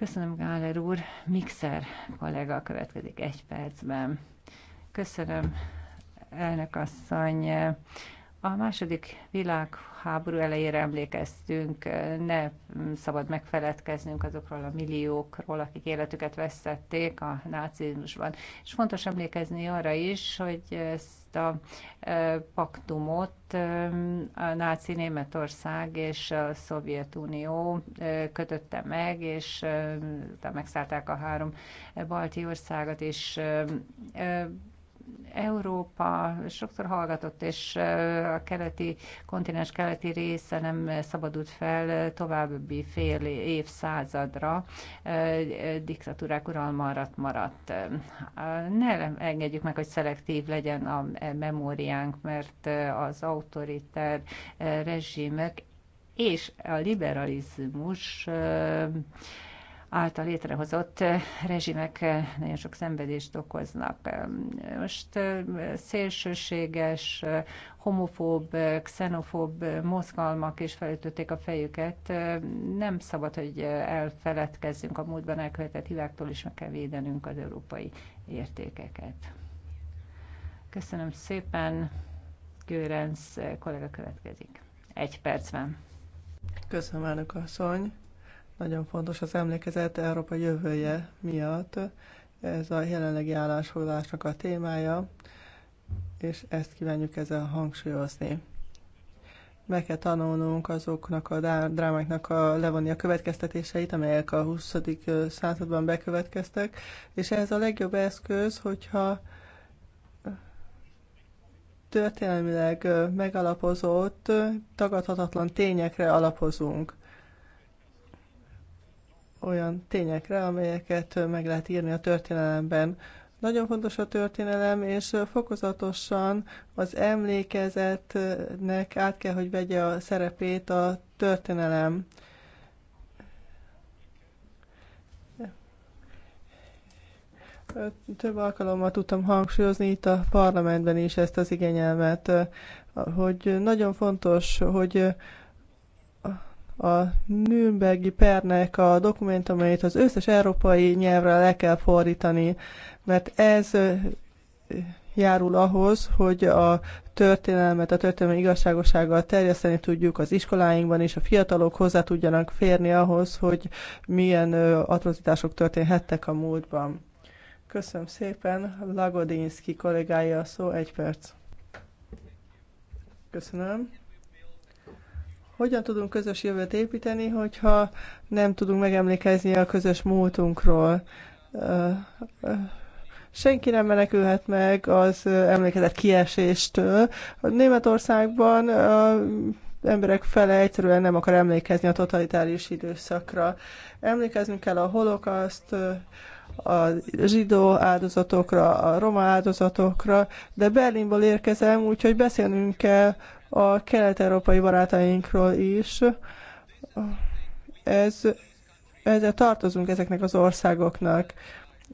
Köszönöm, Gáler úr. Mixer kollega következik egy percben. Köszönöm, elnök asszony. A második világháború elejére emlékeztünk, ne szabad megfeledkeznünk azokról a milliókról, akik életüket vesztették a nácizmusban. És fontos emlékezni arra is, hogy ezt a paktumot a náci Németország és a Szovjetunió kötötte meg, és megszállták a három balti országot, és Európa sokszor hallgatott, és a keleti, kontinens keleti része nem szabadult fel további fél évszázadra, diktatúrák uralma maradt maradt. Ne engedjük meg, hogy szelektív legyen a e, memóriánk, mert az autoriter rezsimek és a liberalizmus által létrehozott eh, rezsimek eh, nagyon sok szenvedést okoznak. Eh, most szélsőséges, homofób, xenofób mozgalmak is felütötték a fejüket. Nem szabad, hogy elfeledkezzünk a múltban elkövetett hibáktól, és meg kell védenünk az európai értékeket. Köszönöm szépen. Gőrenc kollega következik. Egy percben. Köszönöm, elnök asszony. Nagyon fontos az emlékezet Európa jövője miatt. Ez a jelenlegi állásfoglalásnak a témája, és ezt kívánjuk ezzel hangsúlyozni. Meg kell tanulnunk azoknak a drámáknak a, levonni a következtetéseit, amelyek a 20. században bekövetkeztek, és ez a legjobb eszköz, hogyha történelmileg megalapozott, tagadhatatlan tényekre alapozunk olyan tényekre, amelyeket meg lehet írni a történelemben. Nagyon fontos a történelem, és fokozatosan az emlékezetnek át kell, hogy vegye a szerepét a történelem. Több alkalommal tudtam hangsúlyozni itt a parlamentben is ezt az igényelmet, hogy nagyon fontos, hogy a Nürnbergi pernek a dokumentumait az összes európai nyelvre le kell fordítani, mert ez járul ahhoz, hogy a történelmet, a történelmi igazságossággal terjeszteni tudjuk az iskoláinkban, és a fiatalok hozzá tudjanak férni ahhoz, hogy milyen atrocitások történhettek a múltban. Köszönöm szépen, Lagodinski kollégája a szó, egy perc. Köszönöm. Hogyan tudunk közös jövőt építeni, hogyha nem tudunk megemlékezni a közös múltunkról? senki nem menekülhet meg az emlékezet kieséstől. A Németországban a emberek fele egyszerűen nem akar emlékezni a totalitárius időszakra. Emlékeznünk kell a holokaszt, a zsidó áldozatokra, a roma áldozatokra, de Berlinből érkezem, úgyhogy beszélnünk kell a kelet-európai barátainkról is. Ez, ezzel tartozunk ezeknek az országoknak,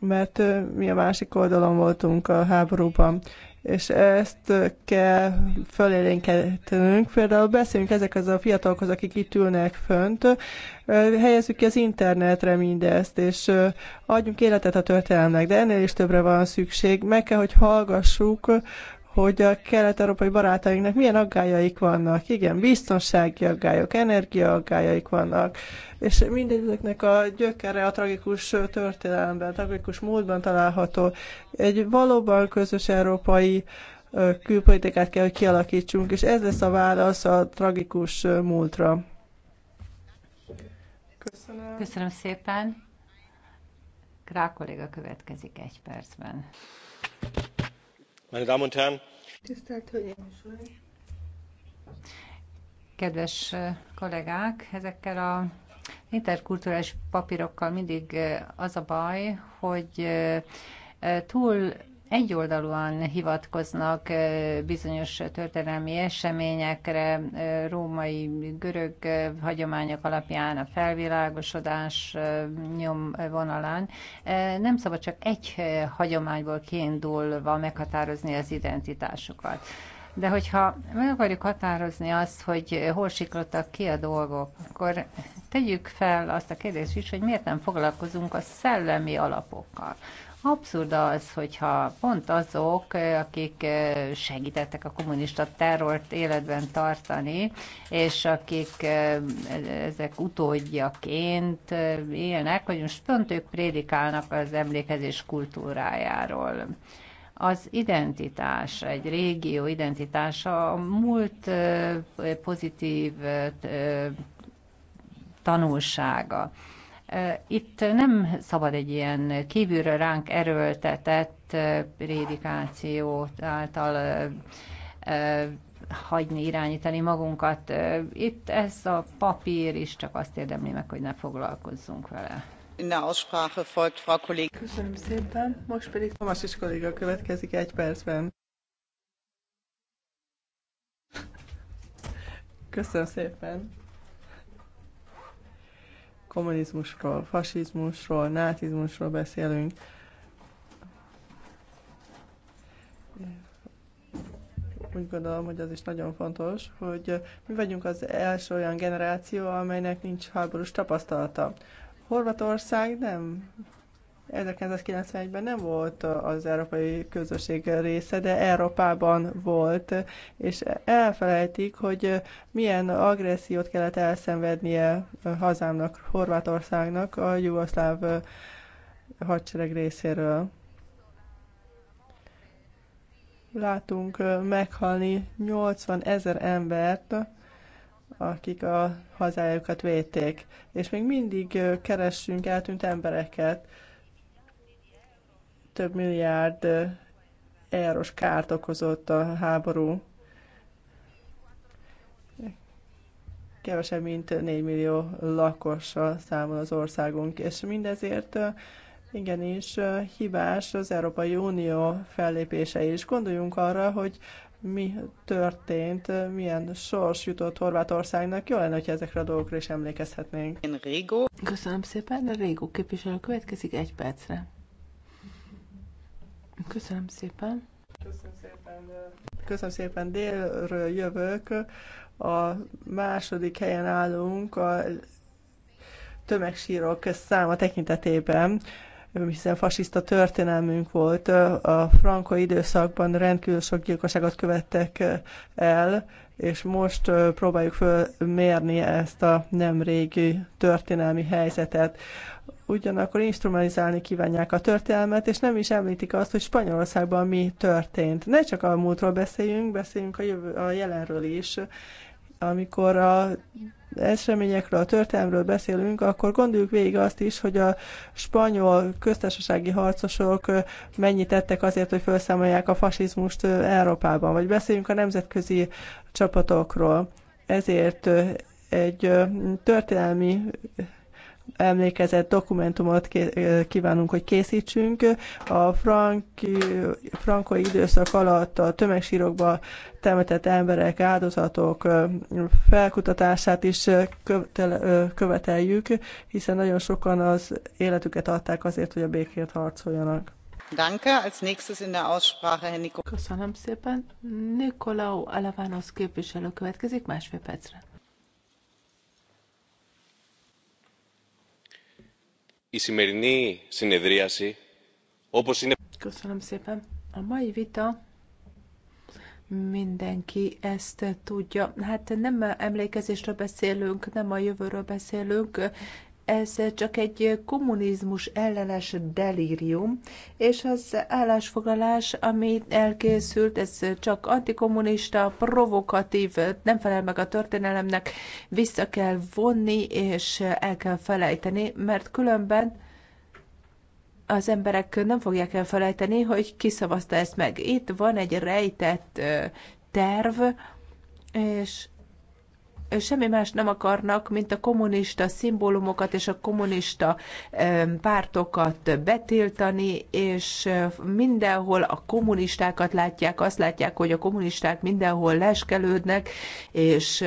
mert mi a másik oldalon voltunk a háborúban, és ezt kell fölélénkeltenünk. Például beszélünk ezekhez a fiatalokhoz, akik itt ülnek fönt, helyezzük ki az internetre mindezt, és adjunk életet a történelmnek, de ennél is többre van szükség. Meg kell, hogy hallgassuk hogy a kelet-európai barátainknak milyen aggájaik vannak. Igen, biztonsági aggályok, energia vannak, és mindegyiknek a gyökere a tragikus történelemben, tragikus módban található. Egy valóban közös európai külpolitikát kell, hogy kialakítsunk, és ez lesz a válasz a tragikus múltra. Köszönöm. Köszönöm szépen. Krá kolléga következik egy percben. Meine Damen und Herren! Kedves kollégák, ezekkel a interkulturális papírokkal mindig az a baj, hogy túl egyoldalúan hivatkoznak bizonyos történelmi eseményekre, római görög hagyományok alapján a felvilágosodás vonalán. Nem szabad csak egy hagyományból kiindulva meghatározni az identitásukat. De hogyha meg akarjuk határozni azt, hogy hol siklottak ki a dolgok, akkor tegyük fel azt a kérdést is, hogy miért nem foglalkozunk a szellemi alapokkal. Abszurd az, hogyha pont azok, akik eh, segítettek a kommunista terrort életben tartani, és akik eh, ezek utódjaként eh, élnek, hogy most pont ők prédikálnak az emlékezés kultúrájáról az identitás, egy régió identitása a múlt pozitív tanulsága. Itt nem szabad egy ilyen kívülről ránk erőltetett prédikációt által hagyni, irányítani magunkat. Itt ez a papír is csak azt érdemli meg, hogy ne foglalkozzunk vele. Köszönöm szépen. Most pedig Tomas is kolléga következik egy percben. Köszönöm szépen kommunizmusról, fasizmusról, nácizmusról beszélünk. Úgy gondolom, hogy az is nagyon fontos, hogy mi vagyunk az első olyan generáció, amelynek nincs háborús tapasztalata. Horvatország nem 1991-ben nem volt az európai közösség része, de Európában volt, és elfelejtik, hogy milyen agressziót kellett elszenvednie hazámnak, Horvátországnak a jugoszláv hadsereg részéről. Látunk meghalni 80 ezer embert, akik a hazájukat védték, és még mindig keressünk eltűnt embereket több milliárd eurós kárt okozott a háború. Kevesebb, mint 4 millió lakosa számol az országunk, és mindezért igenis hibás az Európai Unió fellépése is. Gondoljunk arra, hogy mi történt, milyen sors jutott Horvátországnak. Jó lenne, hogy ezekre a dolgokra is emlékezhetnénk. Én Régó. Köszönöm szépen, de Régó képviselő következik egy percre. Köszönöm szépen. Köszönöm szépen. Köszönöm szépen. Délről jövök. A második helyen állunk a tömegsírok száma tekintetében hiszen fasiszta történelmünk volt. A franco időszakban rendkívül sok gyilkosságot követtek el, és most próbáljuk fölmérni ezt a nem régi történelmi helyzetet ugyanakkor instrumentalizálni kívánják a történelmet, és nem is említik azt, hogy Spanyolországban mi történt. Ne csak a múltról beszéljünk, beszéljünk a, jövő, a jelenről is. Amikor a eseményekről, a történelmről beszélünk, akkor gondoljuk végig azt is, hogy a spanyol köztársasági harcosok mennyit tettek azért, hogy felszámolják a fasizmust Európában, vagy beszéljünk a nemzetközi csapatokról. Ezért egy történelmi emlékezett dokumentumot kívánunk, hogy készítsünk. A franki, időszak alatt a tömegsírokba temetett emberek, áldozatok felkutatását is követeljük, hiszen nagyon sokan az életüket adták azért, hogy a békért harcoljanak. Danke. Als nächstes in der Aussprache Herr Köszönöm szépen. Nikolau Alavanos képviselő következik másfél percre. Köszönöm szépen. A mai vita mindenki ezt tudja. Hát nem emlékezésről beszélünk, nem a jövőről beszélünk, ez csak egy kommunizmus ellenes delírium, és az állásfoglalás, ami elkészült, ez csak antikommunista, provokatív, nem felel meg a történelemnek, vissza kell vonni, és el kell felejteni, mert különben az emberek nem fogják elfelejteni, hogy kiszavazta ezt meg. Itt van egy rejtett terv, és semmi más nem akarnak, mint a kommunista szimbólumokat és a kommunista pártokat betiltani, és mindenhol a kommunistákat látják, azt látják, hogy a kommunisták mindenhol leskelődnek, és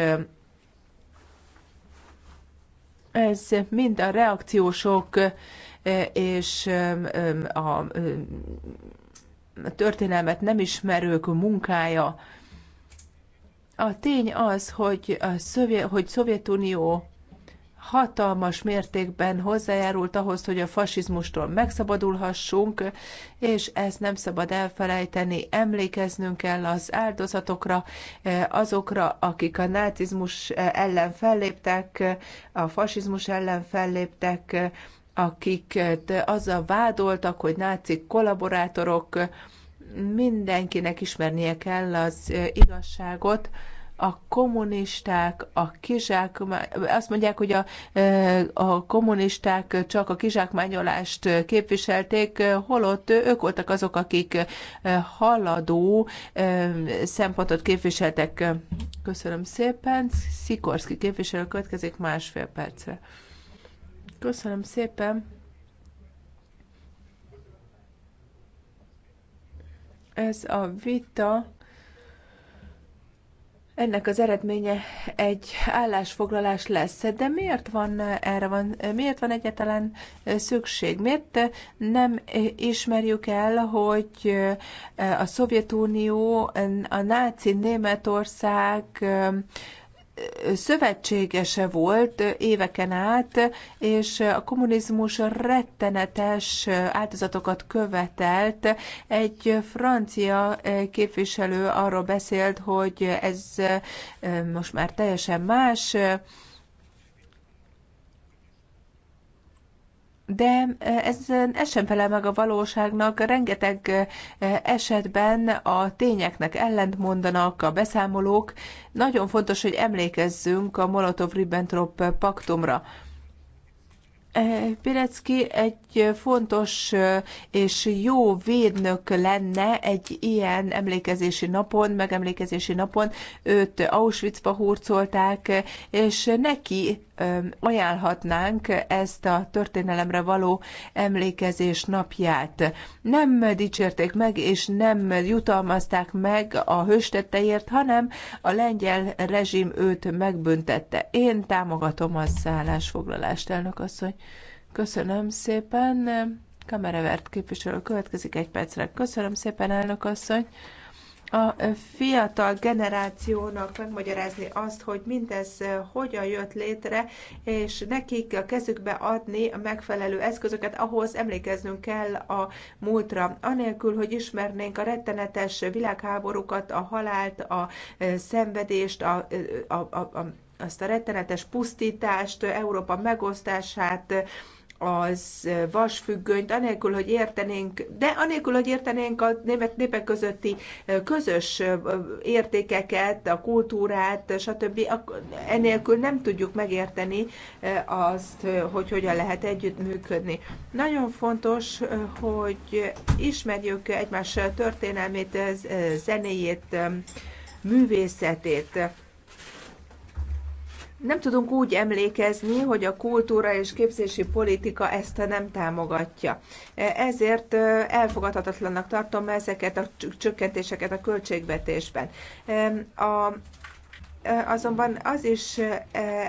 ez mind a reakciósok és a történelmet nem ismerők munkája. A tény az, hogy, a szövje, hogy Szovjetunió hatalmas mértékben hozzájárult ahhoz, hogy a fasizmustól megszabadulhassunk, és ezt nem szabad elfelejteni. Emlékeznünk kell az áldozatokra, eh, azokra, akik a nácizmus eh, ellen felléptek, a fasizmus ellen felléptek, eh, akiket azzal vádoltak, hogy náci kollaborátorok, mindenkinek ismernie kell az igazságot, a kommunisták, a kizsák, azt mondják, hogy a, a kommunisták csak a kizsákmányolást képviselték, holott ők voltak azok, akik haladó szempontot képviseltek. Köszönöm szépen. Szikorszki képviselő következik másfél percre. Köszönöm szépen. Ez a vita ennek az eredménye egy állásfoglalás lesz. De miért van erre van, miért van egyáltalán szükség? Miért nem ismerjük el, hogy a Szovjetunió, a náci Németország szövetségese volt éveken át, és a kommunizmus rettenetes áldozatokat követelt. Egy francia képviselő arról beszélt, hogy ez eh, most már teljesen más, de e, ez, ez sem felel meg a valóságnak. Rengeteg e, esetben a tényeknek ellentmondanak a beszámolók. Nagyon fontos, hogy emlékezzünk a Molotov-Ribbentrop paktumra. Pirecki egy fontos és jó védnök lenne egy ilyen emlékezési napon, megemlékezési napon. Őt Auschwitzba hurcolták, és neki ajánlhatnánk ezt a történelemre való emlékezés napját. Nem dicsérték meg, és nem jutalmazták meg a hőstetteért, hanem a lengyel rezsim őt megbüntette. Én támogatom az szállásfoglalást, elnök asszony. Köszönöm szépen. Kameravert képviselő következik egy percre. Köszönöm szépen, elnök asszony a fiatal generációnak megmagyarázni azt, hogy mindez hogyan jött létre, és nekik a kezükbe adni a megfelelő eszközöket, ahhoz emlékeznünk kell a múltra. Anélkül, hogy ismernénk a rettenetes világháborúkat, a halált, a szenvedést, a, a, a, a azt a rettenetes pusztítást, Európa megosztását, az vasfüggönyt, anélkül, hogy értenénk, de anélkül, hogy értenénk a német népek közötti közös értékeket, a kultúrát, stb. Enélkül nem tudjuk megérteni azt, hogy hogyan lehet együttműködni. Nagyon fontos, hogy ismerjük egymás történelmét, zenéjét, művészetét nem tudunk úgy emlékezni, hogy a kultúra és képzési politika ezt nem támogatja. Ezért elfogadhatatlannak tartom ezeket a csökkentéseket a költségvetésben. A azonban az is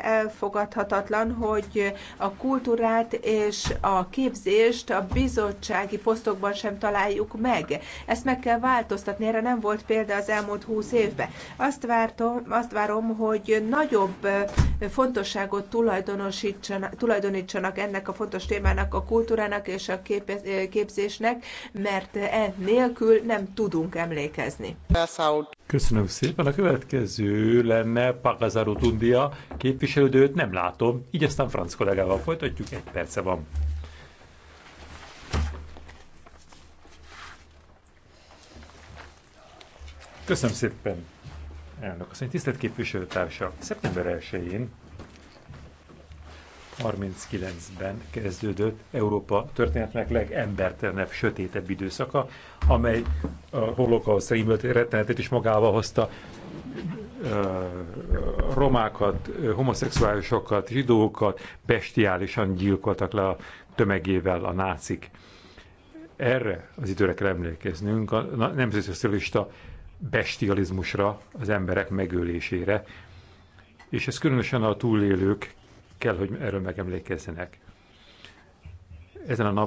elfogadhatatlan, hogy a kultúrát és a képzést a bizottsági posztokban sem találjuk meg. Ezt meg kell változtatni, erre nem volt példa az elmúlt húsz évben. Azt, vártom, azt várom, hogy nagyobb fontosságot tulajdonítsanak ennek a fontos témának, a kultúrának és a képzésnek, mert e nélkül nem tudunk emlékezni. Köszönöm szépen. A következő le lenne Pagazaro Tundia képviselődőt, nem látom, így aztán franc kollégával folytatjuk, egy perce van. Köszönöm szépen, elnök asszony, tisztelt képviselőtársa! Szeptember 1-én 1939-ben kezdődött Európa történetnek legembertelenebb, sötétebb időszaka, amely a holokauszt ímlött rettenetet is magával hozta, romákat, homoszexuálisokat, zsidókat bestiálisan gyilkoltak le a tömegével a nácik. Erre az időre kell emlékeznünk, a nemzetszocialista bestializmusra, az emberek megölésére, és ez különösen a túlélők kell, hogy erről megemlékezzenek. Ezen a nap